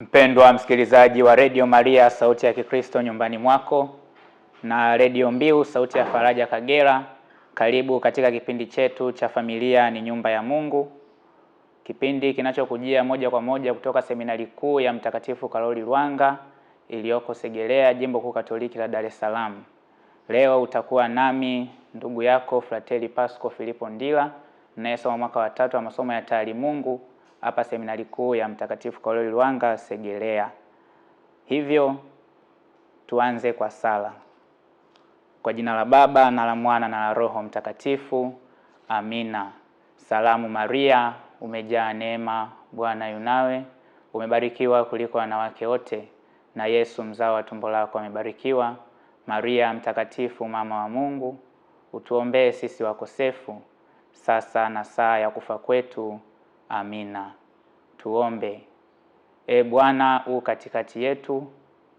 Mpendwa msikilizaji wa redio Maria sauti ya Kikristo nyumbani mwako na redio Mbiu sauti ya Faraja Kagera, karibu katika kipindi chetu cha Familia ni Nyumba ya Mungu, kipindi kinachokujia moja kwa moja kutoka seminari kuu ya Mtakatifu Karoli Lwanga iliyoko Segerea, jimbo kuu Katoliki la Dar es Salaam. Leo utakuwa nami ndugu yako Frateli Pasco Filipo Ndila, ninayesoma mwaka wa tatu wa masomo ya taalimungu hapa seminari kuu ya Mtakatifu Karoli Lwanga Segerea. Hivyo tuanze kwa sala. Kwa jina la Baba na la Mwana na la Roho Mtakatifu, amina. Salamu Maria, umejaa neema, Bwana yunawe, umebarikiwa kuliko wanawake wote, na Yesu mzao wa tumbo lako amebarikiwa. Maria Mtakatifu, mama wa Mungu, utuombee sisi wakosefu, sasa na saa ya kufa kwetu. Amina. Tuombe. E Bwana, u katikati yetu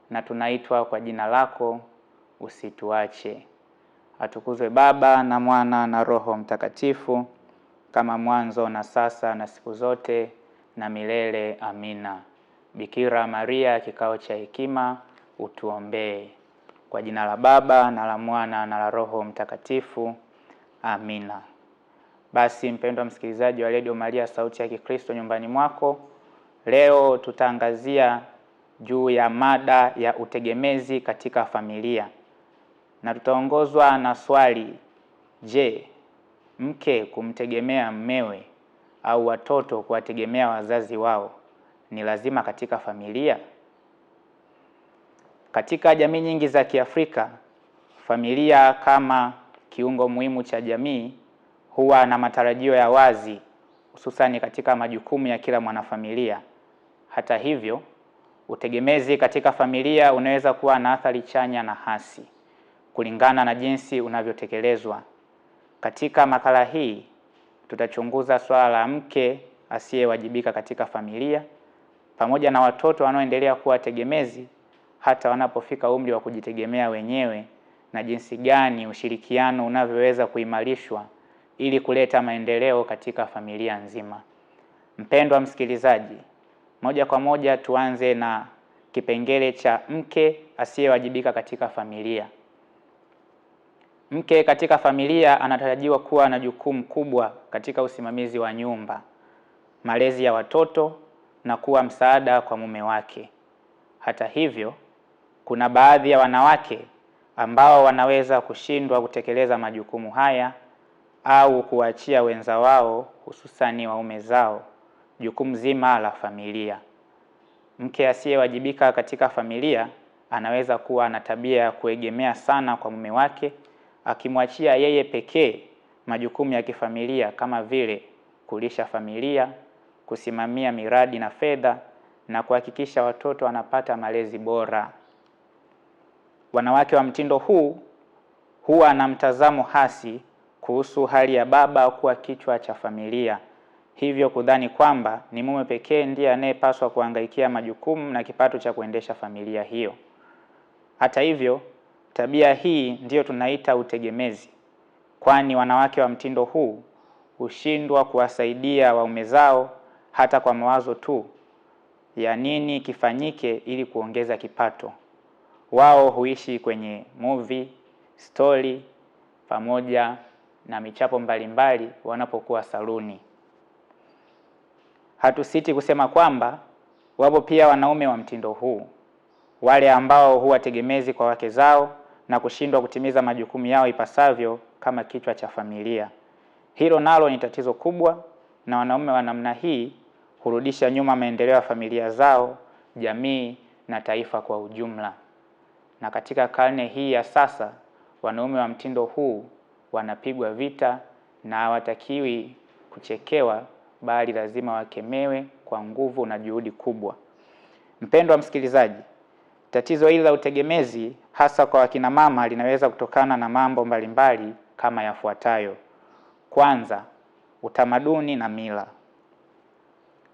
na tunaitwa kwa jina lako, usituache. Atukuzwe Baba na Mwana na Roho Mtakatifu, kama mwanzo na sasa na siku zote na milele. Amina. Bikira Maria, kikao cha hekima, utuombee. Kwa jina la Baba na la Mwana na la Roho Mtakatifu. Amina. Basi mpendwa msikilizaji wa Radio Maria sauti ya Kikristo nyumbani mwako, leo tutaangazia juu ya mada ya utegemezi katika familia na tutaongozwa na swali: Je, mke kumtegemea mmewe au watoto kuwategemea wazazi wao ni lazima katika familia? Katika jamii nyingi za Kiafrika, familia kama kiungo muhimu cha jamii huwa na matarajio ya wazi hususani katika majukumu ya kila mwanafamilia. Hata hivyo, utegemezi katika familia unaweza kuwa na athari chanya na hasi kulingana na jinsi unavyotekelezwa. Katika makala hii tutachunguza swala la mke asiyewajibika katika familia pamoja na watoto wanaoendelea kuwa tegemezi hata wanapofika umri wa kujitegemea wenyewe na jinsi gani ushirikiano unavyoweza kuimarishwa ili kuleta maendeleo katika familia nzima. Mpendwa msikilizaji, moja kwa moja tuanze na kipengele cha mke asiyewajibika katika familia. Mke katika familia anatarajiwa kuwa na jukumu kubwa katika usimamizi wa nyumba, malezi ya watoto na kuwa msaada kwa mume wake. Hata hivyo, kuna baadhi ya wanawake ambao wanaweza kushindwa kutekeleza majukumu haya au kuachia wenza wao, hususani waume zao, jukumu zima la familia. Mke asiyewajibika katika familia anaweza kuwa na tabia ya kuegemea sana kwa mume wake, akimwachia yeye pekee majukumu ya kifamilia kama vile kulisha familia, kusimamia miradi na fedha na kuhakikisha watoto wanapata malezi bora. Wanawake wa mtindo huu huwa na mtazamo hasi kuhusu hali ya baba kuwa kichwa cha familia, hivyo kudhani kwamba ni mume pekee ndiye anayepaswa kuhangaikia majukumu na kipato cha kuendesha familia hiyo. Hata hivyo, tabia hii ndiyo tunaita utegemezi, kwani wanawake wa mtindo huu hushindwa kuwasaidia waume zao hata kwa mawazo tu ya nini kifanyike ili kuongeza kipato. Wao huishi kwenye movie, stori pamoja na michapo mbalimbali wanapokuwa saluni. Hatusiti kusema kwamba wapo pia wanaume wa mtindo huu, wale ambao huwa tegemezi kwa wake zao na kushindwa kutimiza majukumu yao ipasavyo kama kichwa cha familia. Hilo nalo ni tatizo kubwa, na wanaume wa namna hii hurudisha nyuma maendeleo ya familia zao, jamii na taifa kwa ujumla. Na katika karne hii ya sasa, wanaume wa mtindo huu wanapigwa vita na hawatakiwi kuchekewa, bali lazima wakemewe kwa nguvu na juhudi kubwa. Mpendwa msikilizaji, tatizo hili la utegemezi hasa kwa wakina mama linaweza kutokana na mambo mbalimbali kama yafuatayo. Kwanza, utamaduni na mila.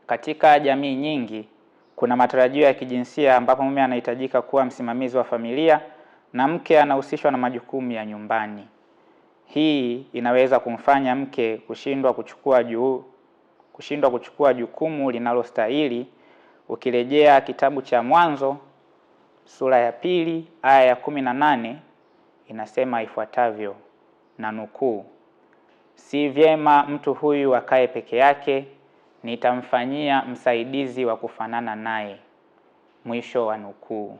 Katika jamii nyingi kuna matarajio ya kijinsia ambapo mume anahitajika kuwa msimamizi wa familia na mke anahusishwa na majukumu ya nyumbani. Hii inaweza kumfanya mke kushindwa kuchukua juu kushindwa kuchukua jukumu linalostahili. Ukirejea kitabu cha Mwanzo sura ya pili aya ya kumi na nane inasema ifuatavyo, na nukuu, si vyema mtu huyu akae peke yake, nitamfanyia msaidizi wa kufanana naye, mwisho wa nukuu.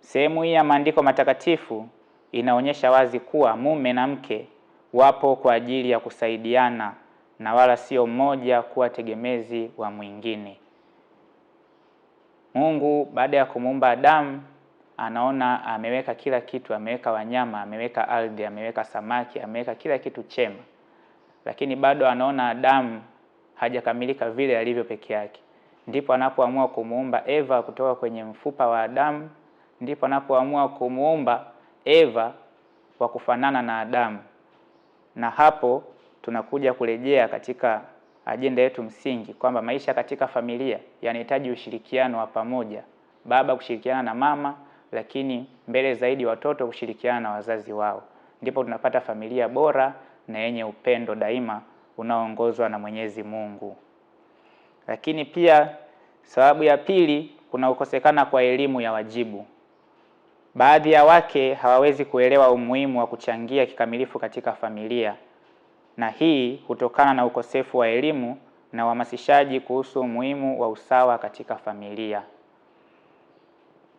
Sehemu hii ya maandiko matakatifu inaonyesha wazi kuwa mume na mke wapo kwa ajili ya kusaidiana na wala sio mmoja kuwa tegemezi wa mwingine. Mungu baada ya kumuumba Adamu anaona ameweka kila kitu, ameweka wanyama, ameweka ardhi, ameweka samaki, ameweka kila kitu chema, lakini bado anaona Adamu hajakamilika vile alivyo peke yake. Ndipo anapoamua kumuumba Eva kutoka kwenye mfupa wa Adamu, ndipo anapoamua kumuumba Eva wa kufanana na Adamu, na hapo tunakuja kurejea katika ajenda yetu msingi kwamba maisha katika familia yanahitaji ushirikiano wa pamoja, baba kushirikiana na mama, lakini mbele zaidi watoto kushirikiana na wazazi wao. Ndipo tunapata familia bora na yenye upendo daima unaoongozwa na Mwenyezi Mungu. Lakini pia sababu ya pili kuna kukosekana kwa elimu ya wajibu. Baadhi ya wake hawawezi kuelewa umuhimu wa kuchangia kikamilifu katika familia, na hii hutokana na ukosefu wa elimu na uhamasishaji kuhusu umuhimu wa usawa katika familia.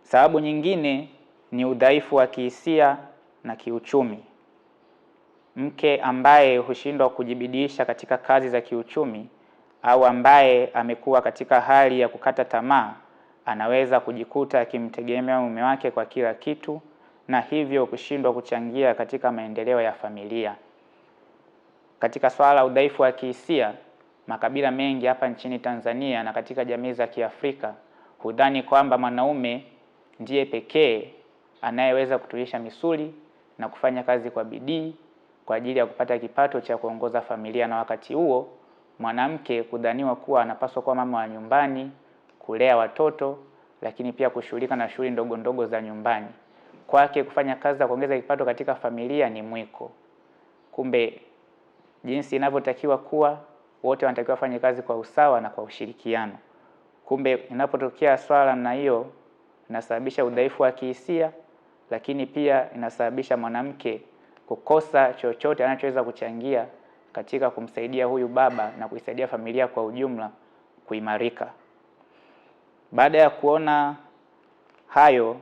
Sababu nyingine ni udhaifu wa kihisia na kiuchumi. Mke ambaye hushindwa kujibidiisha katika kazi za kiuchumi au ambaye amekuwa katika hali ya kukata tamaa anaweza kujikuta akimtegemea mume wake kwa kila kitu na hivyo kushindwa kuchangia katika maendeleo ya familia. Katika swala la udhaifu wa kihisia, makabila mengi hapa nchini Tanzania na katika jamii za Kiafrika hudhani kwamba mwanaume ndiye pekee anayeweza kutulisha misuli na kufanya kazi kwa bidii kwa ajili ya kupata kipato cha kuongoza familia, na wakati huo mwanamke kudhaniwa kuwa anapaswa kuwa mama wa nyumbani kulea watoto, lakini pia kushughulika na shughuli ndogo ndogo za nyumbani. Kwake kufanya kazi za kuongeza kipato katika familia ni mwiko, kumbe jinsi inavyotakiwa kuwa, wote wanatakiwa wafanye kazi kwa usawa na kwa ushirikiano. Kumbe inapotokea swala namna hiyo, inasababisha udhaifu wa kihisia, lakini pia inasababisha mwanamke kukosa chochote anachoweza kuchangia katika kumsaidia huyu baba na kuisaidia familia kwa ujumla kuimarika. Baada ya kuona hayo,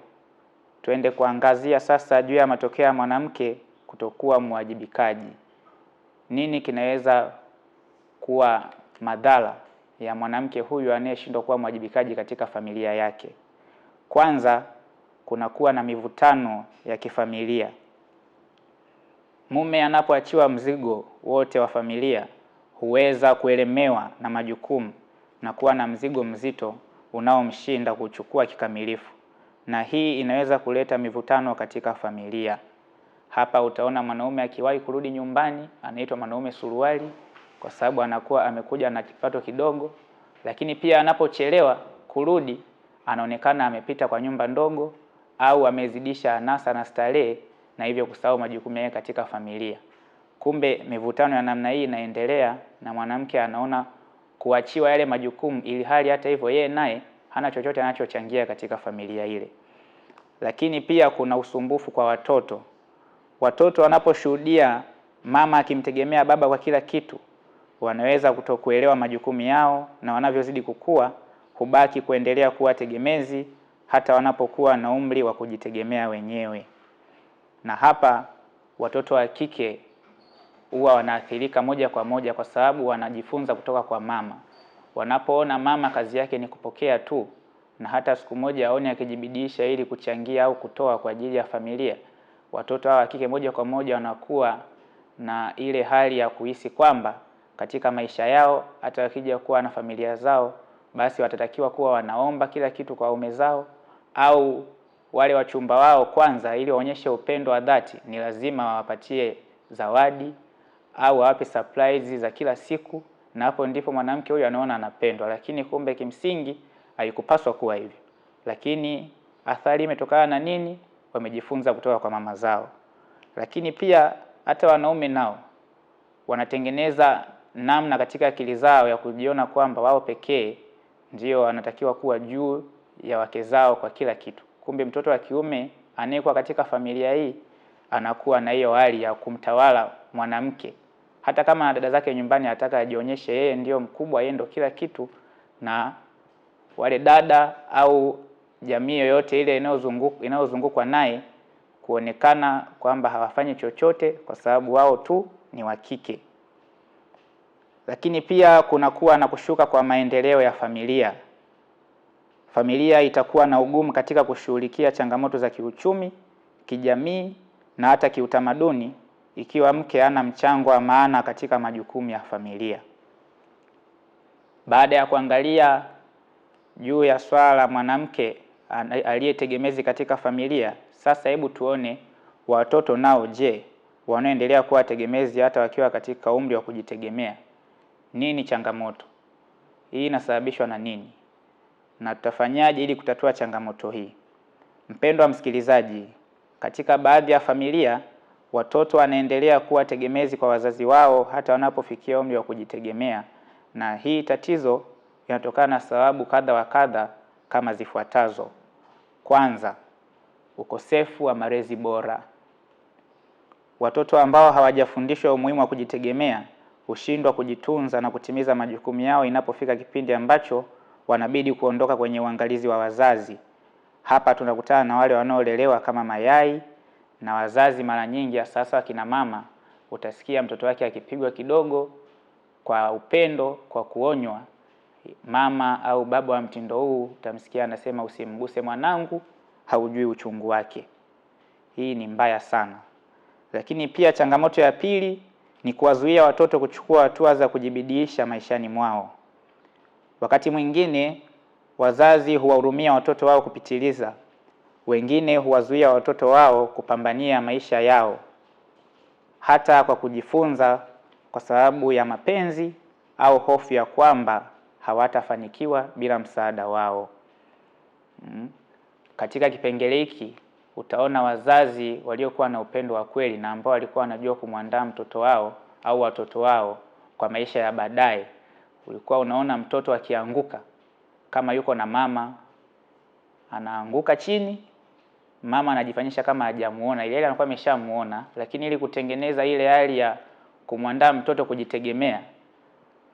tuende kuangazia sasa juu ya matokeo ya mwanamke kutokuwa mwajibikaji. Nini kinaweza kuwa madhara ya mwanamke huyu anayeshindwa kuwa mwajibikaji katika familia yake? Kwanza, kunakuwa na mivutano ya kifamilia. Mume anapoachiwa mzigo wote wa familia, huweza kuelemewa na majukumu na kuwa na mzigo mzito unaomshinda kuchukua kikamilifu, na hii inaweza kuleta mivutano katika familia. Hapa utaona mwanaume akiwahi kurudi nyumbani anaitwa mwanaume suruali, kwa sababu anakuwa amekuja na kipato kidogo, lakini pia anapochelewa kurudi anaonekana amepita kwa nyumba ndogo au amezidisha anasa na starehe, na hivyo kusahau majukumu yake katika familia. Kumbe mivutano ya namna hii inaendelea na mwanamke anaona kuachiwa yale majukumu, ili hali hata hivyo yeye naye hana chochote anachochangia katika familia ile. Lakini pia kuna usumbufu kwa watoto. Watoto wanaposhuhudia mama akimtegemea baba kwa kila kitu, wanaweza kutokuelewa majukumu yao, na wanavyozidi kukua hubaki kuendelea kuwa tegemezi hata wanapokuwa na umri wa kujitegemea wenyewe. Na hapa watoto wa kike huwa wanaathirika moja kwa moja, kwa sababu wanajifunza kutoka kwa mama. Wanapoona mama kazi yake ni kupokea tu, na hata siku moja aone akijibidisha ili kuchangia au kutoa kwa ajili ya familia, watoto hawa wa kike moja kwa moja wanakuwa na ile hali ya kuhisi kwamba katika maisha yao hata wakija kuwa na familia zao, basi watatakiwa kuwa wanaomba kila kitu kwa waume zao au wale wachumba wao kwanza, ili waonyeshe upendo wa dhati, ni lazima wawapatie zawadi au awape supplies za kila siku, na hapo ndipo mwanamke huyu anaona anapendwa. Lakini kumbe kimsingi haikupaswa kuwa hivyo. Lakini athari imetokana na nini? Wamejifunza kutoka kwa mama zao. Lakini pia hata wanaume nao wanatengeneza namna katika akili zao ya kujiona kwamba wao pekee ndio wanatakiwa kuwa juu ya wake zao kwa kila kitu. Kumbe mtoto wa kiume anayekuwa katika familia hii anakuwa na hiyo hali ya kumtawala mwanamke, hata kama dada zake nyumbani anataka ajionyeshe yeye ndio mkubwa, yeye ndio kila kitu, na wale dada au jamii yoyote ile inayozungukwa inayozungukwa naye kuonekana kwamba hawafanyi chochote kwa sababu wao tu ni wa kike. Lakini pia kunakuwa na kushuka kwa maendeleo ya familia. Familia itakuwa na ugumu katika kushughulikia changamoto za kiuchumi, kijamii na hata kiutamaduni ikiwa mke ana mchango wa maana katika majukumu ya familia. Baada ya kuangalia juu ya swala la mwanamke aliyetegemezi katika familia, sasa hebu tuone watoto nao, je, wanaoendelea kuwa tegemezi hata wakiwa katika umri wa kujitegemea, nini changamoto hii? Inasababishwa na nini na tutafanyaje ili kutatua changamoto hii? Mpendwa msikilizaji, katika baadhi ya familia Watoto wanaendelea kuwa tegemezi kwa wazazi wao hata wanapofikia umri wa kujitegemea, na hii tatizo inatokana na sababu kadha wa kadha kama zifuatazo. Kwanza, ukosefu wa malezi bora. Watoto ambao hawajafundishwa umuhimu wa kujitegemea hushindwa kujitunza na kutimiza majukumu yao inapofika kipindi ambacho wanabidi kuondoka kwenye uangalizi wa wazazi. Hapa tunakutana na wale wanaolelewa kama mayai na wazazi mara nyingi, ya sasa wakina mama, utasikia mtoto wake akipigwa kidogo kwa upendo, kwa kuonywa, mama au baba wa mtindo huu utamsikia anasema, usimguse mwanangu, haujui uchungu wake. Hii ni mbaya sana. Lakini pia changamoto ya pili ni kuwazuia watoto kuchukua hatua za kujibidiisha maishani mwao. Wakati mwingine wazazi huwahurumia watoto wao kupitiliza wengine huwazuia watoto wao kupambania maisha yao hata kwa kujifunza, kwa sababu ya mapenzi au hofu ya kwamba hawatafanikiwa bila msaada wao. Mm. Katika kipengele hiki utaona wazazi waliokuwa na upendo wa kweli na ambao walikuwa wanajua kumwandaa mtoto wao au watoto wao kwa maisha ya baadaye, ulikuwa unaona mtoto akianguka kama yuko na mama anaanguka chini mama anajifanyisha kama hajamuona, ile hali anakuwa ameshamuona, lakini ili kutengeneza ile hali ya kumwandaa mtoto kujitegemea,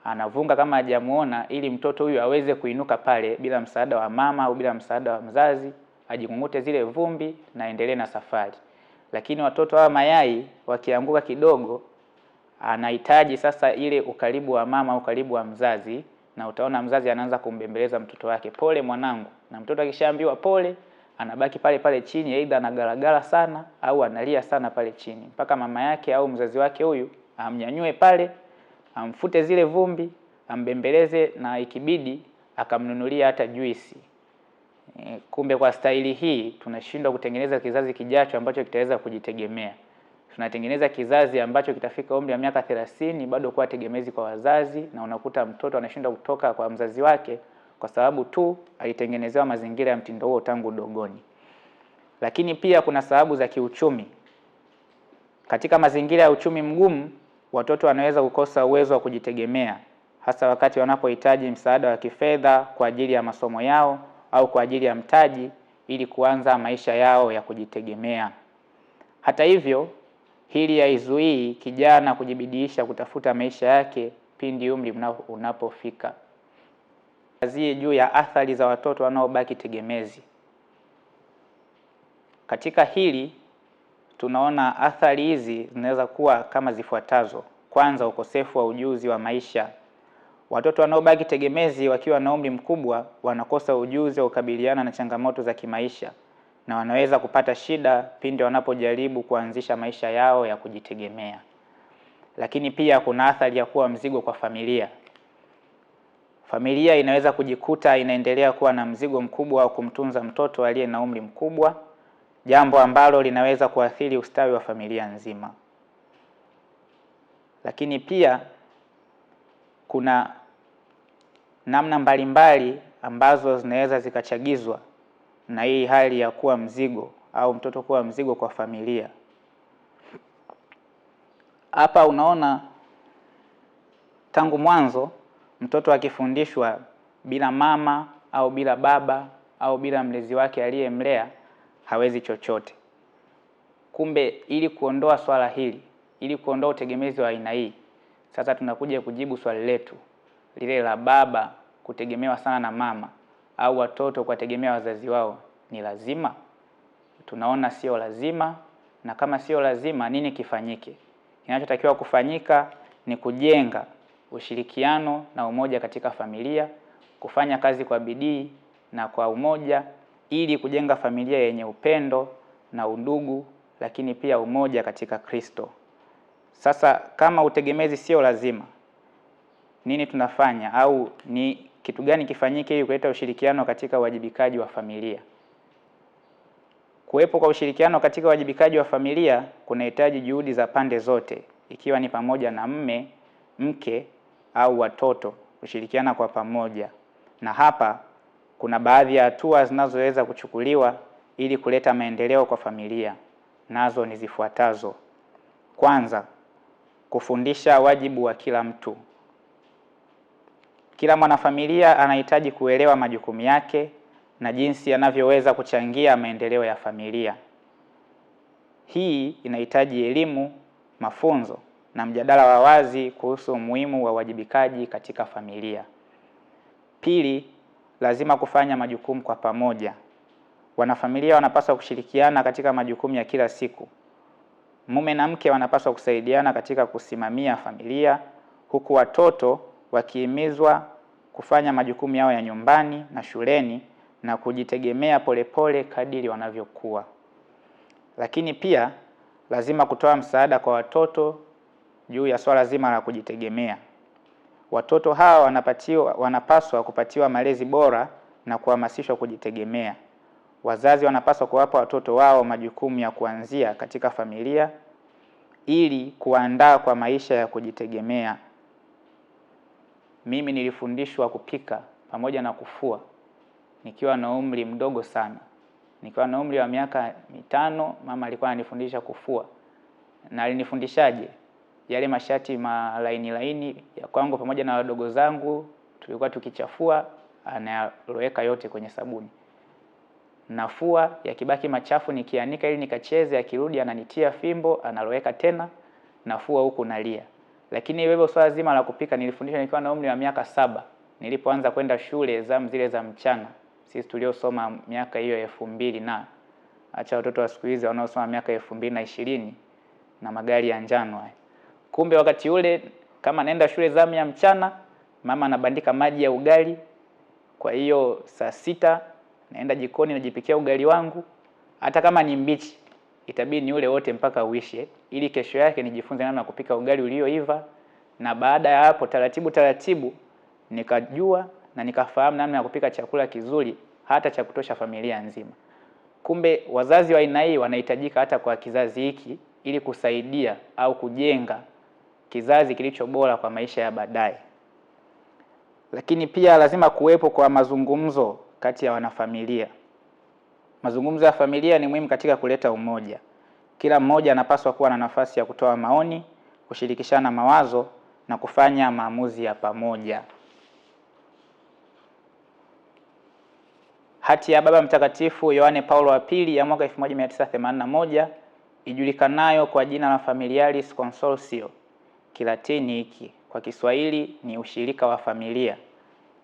anavunga kama hajamuona, ili mtoto huyu aweze kuinuka pale bila msaada wa mama au bila msaada wa mzazi, ajikungute zile vumbi na endelee na safari. Lakini watoto hawa mayai wakianguka kidogo, anahitaji sasa ile ukaribu wa mama au ukaribu wa mzazi, na utaona mzazi anaanza kumbembeleza mtoto wake, pole mwanangu, na mtoto akishaambiwa pole anabaki pale pale chini, aidha anagaragara sana au analia sana pale chini, mpaka mama yake au mzazi wake huyu amnyanyue pale, amfute zile vumbi, ambembeleze na ikibidi akamnunulia hata juisi. E, kumbe kwa staili hii tunashindwa kutengeneza kizazi kijacho ambacho kitaweza kujitegemea. Tunatengeneza kizazi ambacho kitafika umri wa miaka thelathini bado kuwa tegemezi kwa wazazi, na unakuta mtoto anashindwa kutoka kwa mzazi wake kwa sababu tu alitengenezewa mazingira ya mtindo huo tangu dogoni. Lakini pia kuna sababu za kiuchumi. Katika mazingira ya uchumi mgumu, watoto wanaweza kukosa uwezo wa kujitegemea, hasa wakati wanapohitaji msaada wa kifedha kwa ajili ya masomo yao au kwa ajili ya mtaji ili kuanza maisha yao ya kujitegemea. Hata hivyo, hili haizuii kijana kujibidiisha kutafuta maisha yake pindi umri unapofika. Kazie juu ya athari za watoto wanaobaki tegemezi. Katika hili tunaona athari hizi zinaweza kuwa kama zifuatazo. Kwanza, ukosefu wa ujuzi wa maisha. Watoto wanaobaki tegemezi wakiwa na umri mkubwa wanakosa ujuzi wa kukabiliana na changamoto za kimaisha na wanaweza kupata shida pindi wanapojaribu kuanzisha maisha yao ya kujitegemea. Lakini pia kuna athari ya kuwa mzigo kwa familia. Familia inaweza kujikuta inaendelea kuwa na mzigo mkubwa wa kumtunza mtoto aliye na umri mkubwa, jambo ambalo linaweza kuathiri ustawi wa familia nzima. Lakini pia kuna namna mbalimbali ambazo zinaweza zikachagizwa na hii hali ya kuwa mzigo au mtoto kuwa mzigo kwa familia. Hapa unaona tangu mwanzo Mtoto akifundishwa bila mama au bila baba au bila mlezi wake aliyemlea hawezi chochote. Kumbe ili kuondoa swala hili, ili kuondoa utegemezi wa aina hii, sasa tunakuja kujibu swali letu lile la baba kutegemewa sana na mama au watoto kuwategemea wazazi wao ni lazima? Tunaona sio lazima, na kama sio lazima, nini kifanyike? Kinachotakiwa kufanyika ni kujenga ushirikiano na umoja katika familia, kufanya kazi kwa bidii na kwa umoja ili kujenga familia yenye upendo na undugu, lakini pia umoja katika Kristo. Sasa kama utegemezi sio lazima, nini tunafanya au ni kitu gani kifanyike ili kuleta ushirikiano katika uwajibikaji wa familia? Kuwepo kwa ushirikiano katika uwajibikaji wa familia kunahitaji juhudi za pande zote, ikiwa ni pamoja na mme, mke au watoto kushirikiana kwa pamoja, na hapa kuna baadhi ya hatua zinazoweza kuchukuliwa ili kuleta maendeleo kwa familia, nazo ni zifuatazo. Kwanza, kufundisha wajibu wa kila mtu. Kila mwanafamilia anahitaji kuelewa majukumu yake na jinsi anavyoweza kuchangia maendeleo ya familia. Hii inahitaji elimu, mafunzo na mjadala wa wazi kuhusu umuhimu wa uwajibikaji katika familia. Pili, lazima kufanya majukumu kwa pamoja. Wanafamilia wanapaswa kushirikiana katika majukumu ya kila siku. Mume na mke wanapaswa kusaidiana katika kusimamia familia, huku watoto wakihimizwa kufanya majukumu yao ya nyumbani na shuleni na kujitegemea polepole kadiri wanavyokuwa. Lakini pia lazima kutoa msaada kwa watoto juu ya swala zima la kujitegemea. Watoto hawa wanapatiwa, wanapaswa kupatiwa malezi bora na kuhamasishwa kujitegemea. Wazazi wanapaswa kuwapa watoto wao majukumu ya kuanzia katika familia ili kuandaa kwa maisha ya kujitegemea. Mimi nilifundishwa kupika pamoja na kufua nikiwa na umri mdogo sana. Nikiwa na umri wa miaka mitano, mama alikuwa ananifundisha kufua. Na alinifundishaje? yale mashati malaini laini ya kwangu pamoja na wadogo zangu tulikuwa tukichafua, anayaloweka yote kwenye sabuni, nafua, yakibaki machafu nikianika ili nikacheze, akirudi ananitia fimbo, analoweka tena, nafua huku nalia. Lakini wewe swala zima la kupika nilifundishwa nikiwa na umri wa miaka saba nilipoanza kwenda shule zamu zile za mchana, sisi tuliosoma miaka hiyo elfu mbili na acha watoto wa siku hizi wanaosoma miaka elfu mbili na ishirini na magari ya njano haya. Kumbe wakati ule kama naenda shule zamu ya mchana, mama anabandika maji ya ugali. Kwa hiyo saa sita naenda jikoni najipikia ugali wangu, hata kama ni mbichi itabidi ni ule wote mpaka uishe, ili kesho yake nijifunze namna ya kupika ugali ulioiva. Na baada ya hapo, taratibu taratibu nikajua na nikafahamu namna ya kupika chakula kizuri hata cha kutosha familia nzima. Kumbe wazazi wa aina hii wanahitajika hata kwa kizazi hiki, ili kusaidia au kujenga kizazi kilicho bora kwa maisha ya baadaye. Lakini pia lazima kuwepo kwa mazungumzo kati ya wanafamilia. Mazungumzo ya familia ni muhimu katika kuleta umoja. Kila mmoja anapaswa kuwa na nafasi ya kutoa maoni, kushirikishana mawazo na kufanya maamuzi ya pamoja. Hati ya Baba Mtakatifu Yohane Paulo wa Pili ya mwaka 1981 ijulikanayo kwa jina la Familiaris Consortio Kilatini hiki kwa Kiswahili ni ushirika wa familia.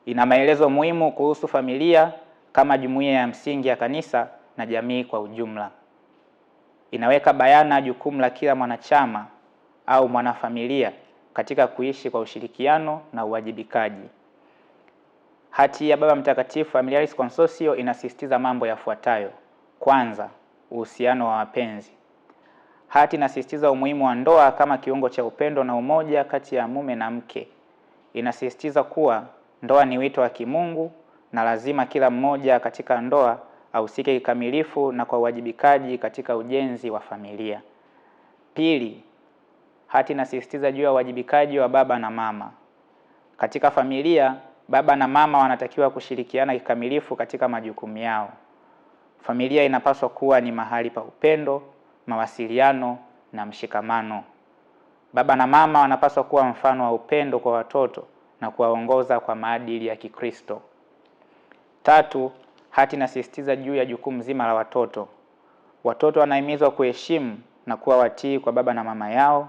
Ina maelezo muhimu kuhusu familia kama jumuiya ya msingi ya kanisa na jamii kwa ujumla. Inaweka bayana jukumu la kila mwanachama au mwanafamilia katika kuishi kwa ushirikiano na uwajibikaji. Hati ya Baba Mtakatifu Familiaris Consortio inasisitiza mambo yafuatayo: kwanza, uhusiano wa wapenzi; Hati inasisitiza umuhimu wa ndoa kama kiungo cha upendo na umoja kati ya mume na mke. Inasisitiza kuwa ndoa ni wito wa kimungu na lazima kila mmoja katika ndoa ahusike kikamilifu na kwa uwajibikaji katika ujenzi wa familia. Pili, hati inasisitiza juu ya uwajibikaji wa baba na mama katika familia. Baba na mama wanatakiwa kushirikiana kikamilifu katika majukumu yao. Familia inapaswa kuwa ni mahali pa upendo, mawasiliano na mshikamano. Baba na mama wanapaswa kuwa mfano wa upendo kwa watoto na kuwaongoza kwa maadili ya Kikristo. Tatu, hati inasisitiza juu ya jukumu zima la watoto. Watoto wanahimizwa kuheshimu na kuwa watii kwa baba na mama yao,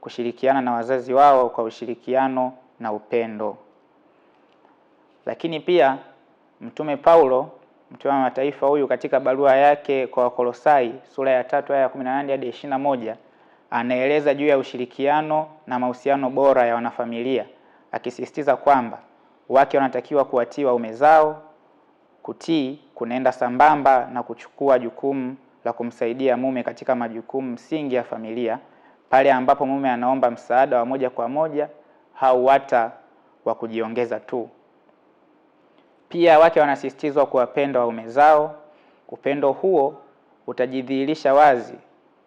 kushirikiana na wazazi wao kwa ushirikiano na upendo. Lakini pia Mtume Paulo Mtume wa Mataifa huyu katika barua yake kwa Wakolosai sura ya tatu aya ya kumi na nane hadi ishirini na moja anaeleza juu ya ushirikiano na mahusiano bora ya wanafamilia, akisisitiza kwamba wake wanatakiwa kuwatii waume zao. Kutii kunaenda sambamba na kuchukua jukumu la kumsaidia mume katika majukumu msingi ya familia, pale ambapo mume anaomba msaada wa moja kwa moja au hata wa kujiongeza tu. Pia wake wanasisitizwa kuwapenda waume zao. Upendo huo utajidhihirisha wazi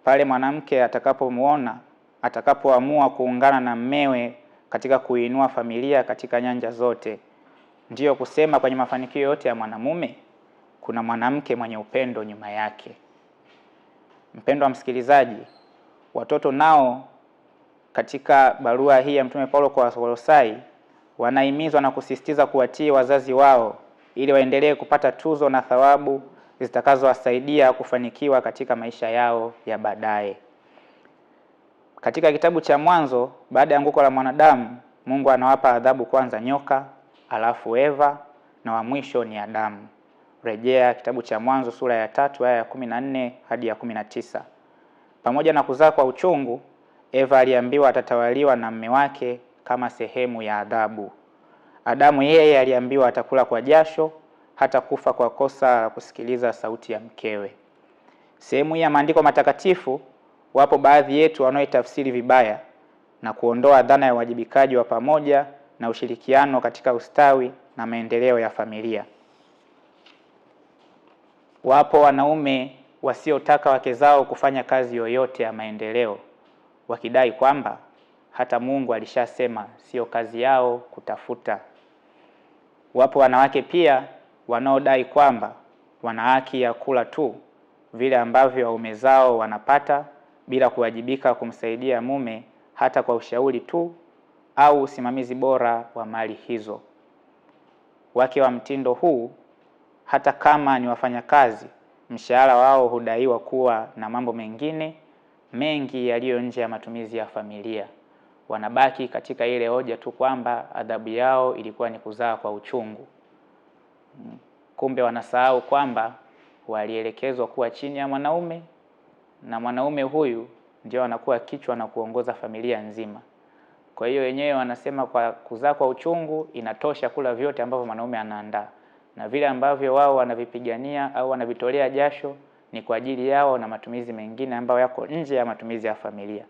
pale mwanamke atakapomuona, atakapoamua kuungana na mmewe katika kuinua familia katika nyanja zote. Ndiyo kusema kwenye mafanikio yote ya mwanamume kuna mwanamke mwenye upendo nyuma yake. Mpendwa msikilizaji, watoto nao katika barua hii ya Mtume Paulo kwa Wakolosai wanahimizwa na kusisitiza kuwatii wazazi wao ili waendelee kupata tuzo na thawabu zitakazowasaidia kufanikiwa katika maisha yao ya baadaye. Katika kitabu cha Mwanzo, baada ya anguko la mwanadamu, Mungu anawapa adhabu kwanza nyoka, alafu Eva na wa mwisho ni Adamu. Rejea kitabu cha Mwanzo sura ya tatu aya ya kumi na nne hadi ya kumi na tisa. Pamoja na kuzaa kwa uchungu, Eva aliambiwa atatawaliwa na mme wake kama sehemu ya adhabu. Adamu yeye aliambiwa atakula kwa jasho, hata kufa kwa kosa la kusikiliza sauti ya mkewe. Sehemu ya maandiko matakatifu, wapo baadhi yetu wanaoitafsiri vibaya na kuondoa dhana ya uwajibikaji wa pamoja na ushirikiano katika ustawi na maendeleo ya familia. Wapo wanaume wasiotaka wake zao kufanya kazi yoyote ya maendeleo, wakidai kwamba hata Mungu alishasema sio kazi yao kutafuta. Wapo wanawake pia wanaodai kwamba wana haki ya kula tu vile ambavyo waume zao wanapata bila kuwajibika kumsaidia mume hata kwa ushauri tu au usimamizi bora wa mali hizo. Wake wa mtindo huu, hata kama ni wafanyakazi, mshahara wao hudaiwa kuwa na mambo mengine mengi yaliyo nje ya matumizi ya familia wanabaki katika ile hoja tu kwamba adhabu yao ilikuwa ni kuzaa kwa uchungu. Mm. Kumbe wanasahau kwamba walielekezwa kuwa chini ya mwanaume na mwanaume huyu ndio anakuwa kichwa na kuongoza familia nzima. Kwa hiyo wenyewe wanasema kwa kuzaa kwa uchungu inatosha kula vyote ambavyo mwanaume anaandaa, na vile ambavyo wao wanavipigania au wanavitolea jasho ni kwa ajili yao na matumizi mengine ambayo yako nje ya matumizi ya familia.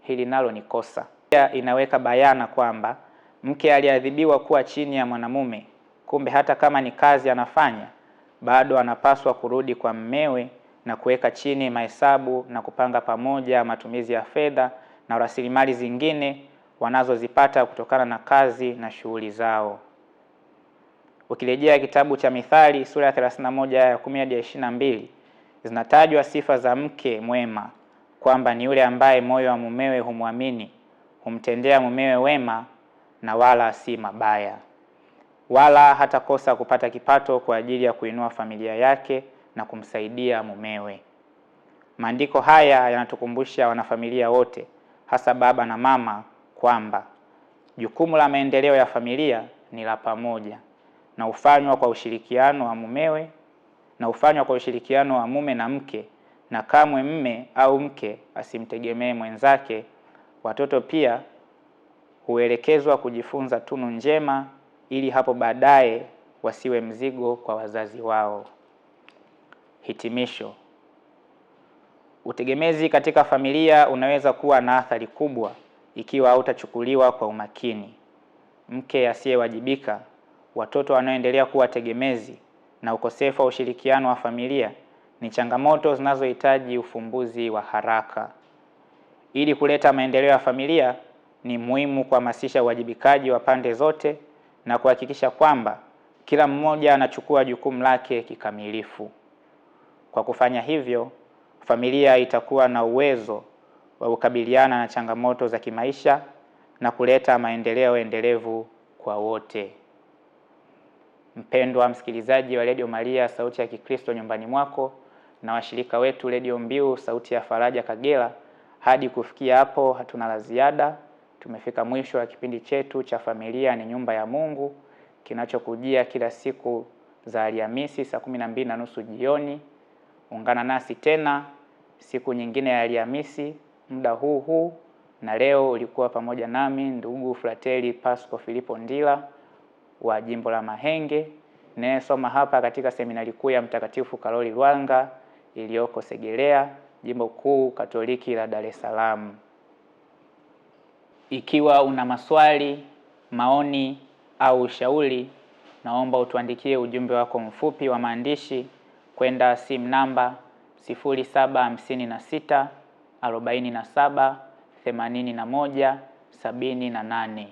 Hili nalo ni kosa. Sheria inaweka bayana kwamba mke aliadhibiwa kuwa chini ya mwanamume, kumbe hata kama ni kazi anafanya bado anapaswa kurudi kwa mmewe na kuweka chini mahesabu na kupanga pamoja matumizi ya fedha na rasilimali zingine wanazozipata kutokana na kazi na shughuli zao. Ukirejea kitabu cha Mithali sura ya 31 ya 10 hadi 22, zinatajwa sifa za mke mwema kwamba ni yule ambaye moyo wa mumewe humwamini humtendea mumewe wema na wala si mabaya, wala hatakosa kupata kipato kwa ajili ya kuinua familia yake na kumsaidia mumewe. Maandiko haya yanatukumbusha wanafamilia wote, hasa baba na mama, kwamba jukumu la maendeleo ya familia ni la pamoja na hufanywa kwa ushirikiano wa mumewe na hufanywa kwa ushirikiano wa mume na mke, na kamwe mme au mke asimtegemee mwenzake Watoto pia huelekezwa kujifunza tunu njema ili hapo baadaye wasiwe mzigo kwa wazazi wao. Hitimisho. Utegemezi katika familia unaweza kuwa na athari kubwa ikiwa hautachukuliwa kwa umakini. Mke asiyewajibika, watoto wanaoendelea kuwa tegemezi na ukosefu wa ushirikiano wa familia ni changamoto zinazohitaji ufumbuzi wa haraka. Ili kuleta maendeleo ya familia, ni muhimu kuhamasisha uwajibikaji wa pande zote na kuhakikisha kwamba kila mmoja anachukua jukumu lake kikamilifu. Kwa kufanya hivyo, familia itakuwa na uwezo wa kukabiliana na changamoto za kimaisha na kuleta maendeleo endelevu kwa wote. Mpendwa msikilizaji wa Radio Maria sauti ya Kikristo nyumbani mwako na washirika wetu Radio Mbiu sauti ya Faraja Kagera hadi kufikia hapo, hatuna la ziada. Tumefika mwisho wa kipindi chetu cha Familia ni Nyumba ya Mungu kinachokujia kila siku za Alhamisi saa kumi na mbili na nusu jioni. Ungana nasi tena siku nyingine ya Alhamisi muda huu huu, na leo ulikuwa pamoja nami ndugu Frateli Pasco Filipo Ndila wa jimbo la Mahenge inayesoma hapa katika seminari kuu ya Mtakatifu Karoli Lwanga iliyoko Segerea. Jimbo Kuu Katoliki la Dar es Salaam. Ikiwa una maswali, maoni au ushauri, naomba utuandikie ujumbe wako mfupi wa maandishi kwenda simu namba 0756478178 47 81 78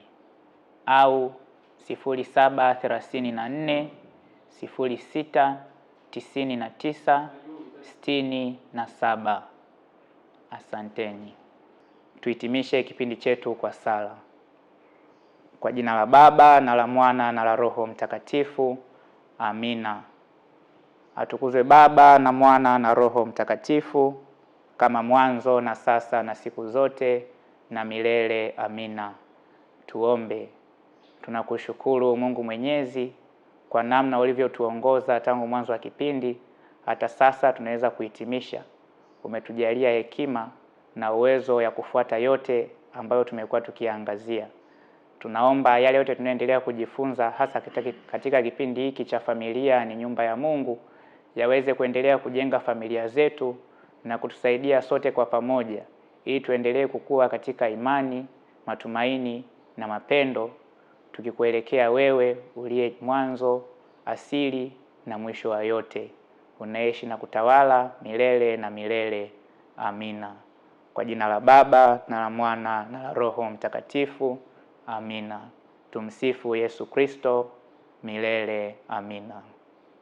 au 0734 sitini na saba. Asanteni. Tuhitimishe kipindi chetu kwa sala. Kwa jina la Baba na la Mwana na la Roho Mtakatifu, amina. Atukuzwe Baba na Mwana na Roho Mtakatifu, kama mwanzo na sasa na siku zote na milele. Amina. Tuombe. Tunakushukuru Mungu Mwenyezi kwa namna ulivyotuongoza tangu mwanzo wa kipindi hata sasa tunaweza kuhitimisha, umetujalia hekima na uwezo ya kufuata yote ambayo tumekuwa tukiangazia. Tunaomba yale yote tunaendelea kujifunza hasa katika kipindi hiki cha familia ni nyumba ya Mungu yaweze kuendelea kujenga familia zetu na kutusaidia sote kwa pamoja ili tuendelee kukua katika imani, matumaini na mapendo tukikuelekea wewe uliye mwanzo, asili na mwisho wa yote unaishi na kutawala milele na milele. Amina. Kwa jina la Baba na la Mwana na la Roho Mtakatifu. Amina. Tumsifu Yesu Kristo milele. Amina.